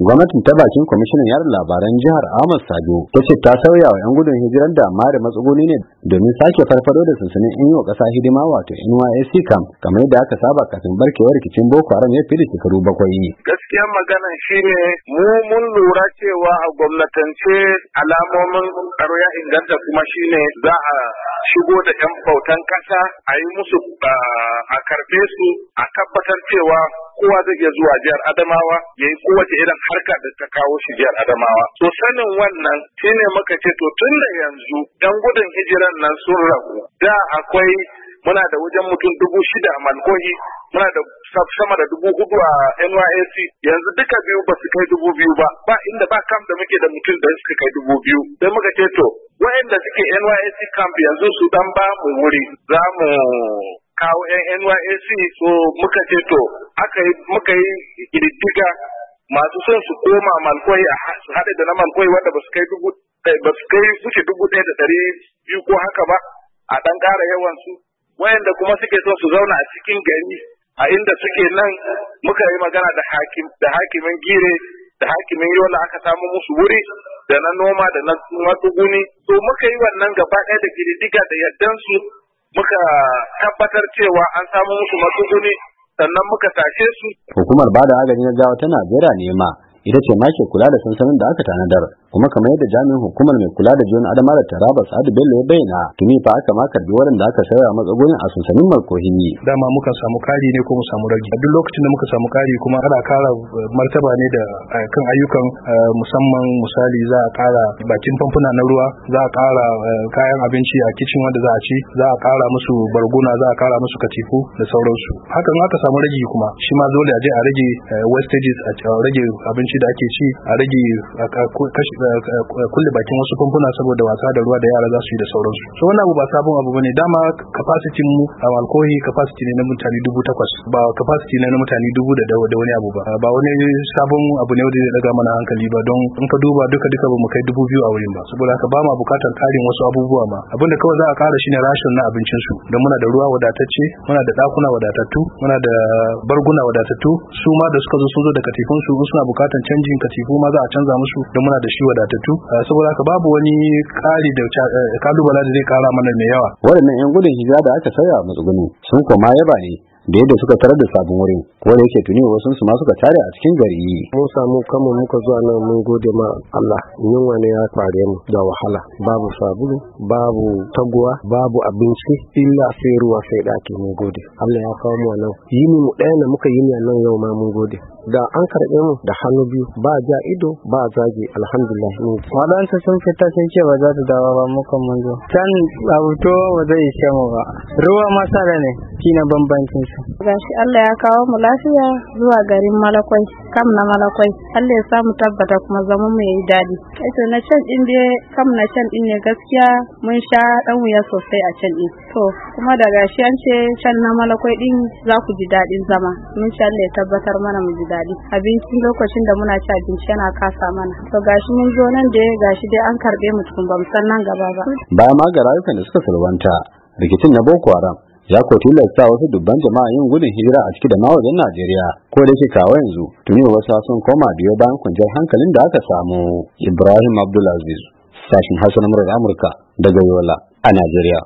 gwamnatin ta bakin kwamishinan yaran labaran jihar ahmad sajo ta ce ta sauya wa 'yan gudun hijirar da amma da matsuguni ne domin sake farfado da sansanin in wa ƙasa hidima wato nysc kam kamar da aka saba kafin barkewar rikicin boko haram ya fi shekaru bakwai gaskiyar magana shine mu mun lura cewa a gwamnatance alamomin tsaro ya inganta kuma shine za a shigo da 'yan bautan ƙasa a yi musu a karɓe su a tabbatar cewa kowa zai iya zuwa jihar Adamawa ya yi kowace irin harka da ta kawo shi jihar Adamawa. To sanin wannan shine muka ce to tun da yanzu dan gudun hijiran nan sun ragu da akwai muna da wajen mutum dubu shida a Malkohi muna da sama da dubu hudu a NYSC yanzu duka biyu ba su kai dubu biyu ba ba inda ba kam da muke da mutum da suka kai dubu biyu sai muka ce to suke NYSC camp yanzu su dan ba mu wuri za mu kawo yan NYSC so muka ce to aka yi muka yi kididdiga masu son su koma malkwai a haɗe da na malkwai wanda ba su kai dubu eh, dubu ɗaya da ɗari biyu ko haka ba a ɗan ƙara yawan su wayanda kuma suke son su zauna a cikin gari a inda suke nan muka yi magana da hakim da hakimin gire da hakimin yola aka samu musu wuri da na noma da na matsuguni to muka yi wannan gaba ɗaya da kiriddiga da yardansu muka tabbatar cewa an samu musu matsuguni sannan muka tashe su hukumar bada agaji na gawa ta najeriya ne ma ita ce ma ke kula da sansanin da aka tanadar kuma kamar yadda jami'in hukumar mai kula da jiyon adama da taraba sa'adu bello ya bayyana tuni fa aka ma karbi waɗanda aka sayar a matsagonin a sansanin yi. dama muka samu kari ne ko mu samu rage duk lokacin da muka samu kari kuma ana kara eh, martaba ne da eh, kan ayyukan eh, musamman misali za a kara bakin famfuna na ruwa za a kara kayan abinci a kicin wanda za a ci za a kara musu barguna za a kara musu katifu da sauransu hakan aka samu ragi kuma shi ma dole a je a rage wastages a rage abinci da ake ci a rage Eh, kulle bakin wasu famfuna saboda wasa da ruwa da yara za su yi da sauransu so wannan abu ba sabon abu bane dama capacity mu a alkohi capacity ne na mutane dubu takwas ba capacity ne na mutane dubu da wani abu ba ba wani sabon abu ne wanda zai daga mana hankali ba don in ka duba duka duka ba mu kai dubu biyu a wurin ba saboda haka ba ma bukatar karin wasu abubuwa ma abinda kawai za a kara shine rashin na abincin su don muna da ruwa wadatacce muna da dakuna wadatattu muna da barguna wadatattu su ma da suka zo sun zo da katifun su suna bukatan canjin katifu ma za a canza musu don muna da shi wadatattu eh, saboda haka babu wani kari da eh, kalubala da zai kara mana mai yawa waɗannan yan gudun hijira da aka sauya a matsuguni sun koma yaba ne da yadda suka tarar da sabon wurin ko yake tuni wasu su ma suka tare a cikin gari mun samu kama muka zuwa nan mun gode ma Allah yunwa ne ya fare mu da wahala babu sabulu babu taguwa babu abinci illa sai ruwa sai daki mun gode Allah ya kawo mu nan yi mu ɗaya na muka yi nan yau ma mun gode da an karɓe mu da hannu biyu ba ja ido ba zagi alhamdulillah mun waɗansu sun fita sun ce ba za ta dawo ba muka mun zo can abu to ba zai ishe mu ba ruwa masara ne na bambancin su gashi Allah ya kawo mu lafiya zuwa garin malakwai kam na malakwai Allah ya samu tabbata kuma zama mu yayi dadi eh to na can din dai kam na can din ne gaskiya mun sha dan wuya sosai a can din to kuma da gashi an ce can na malakwai din za ku ji dadin zama mun sha Allah ya tabbatar mana mu ji dadi abinci lokacin da muna ci abinci yana kasa mana to gashi mun zo nan da gashi dai an karbe mu tukun ba san nan gaba ba ba ma ga rayukan da suka salwanta rikicin na boko haram ya ko tilasta wasu dubban jama'a yin gudun hijira a ciki da mawajen Najeriya ko da yake kawo yanzu tuni wasu sun koma biyo bayan kwanciyar hankalin da aka samu Ibrahim Abdulaziz sashin Hassan Amurka daga Yola a Najeriya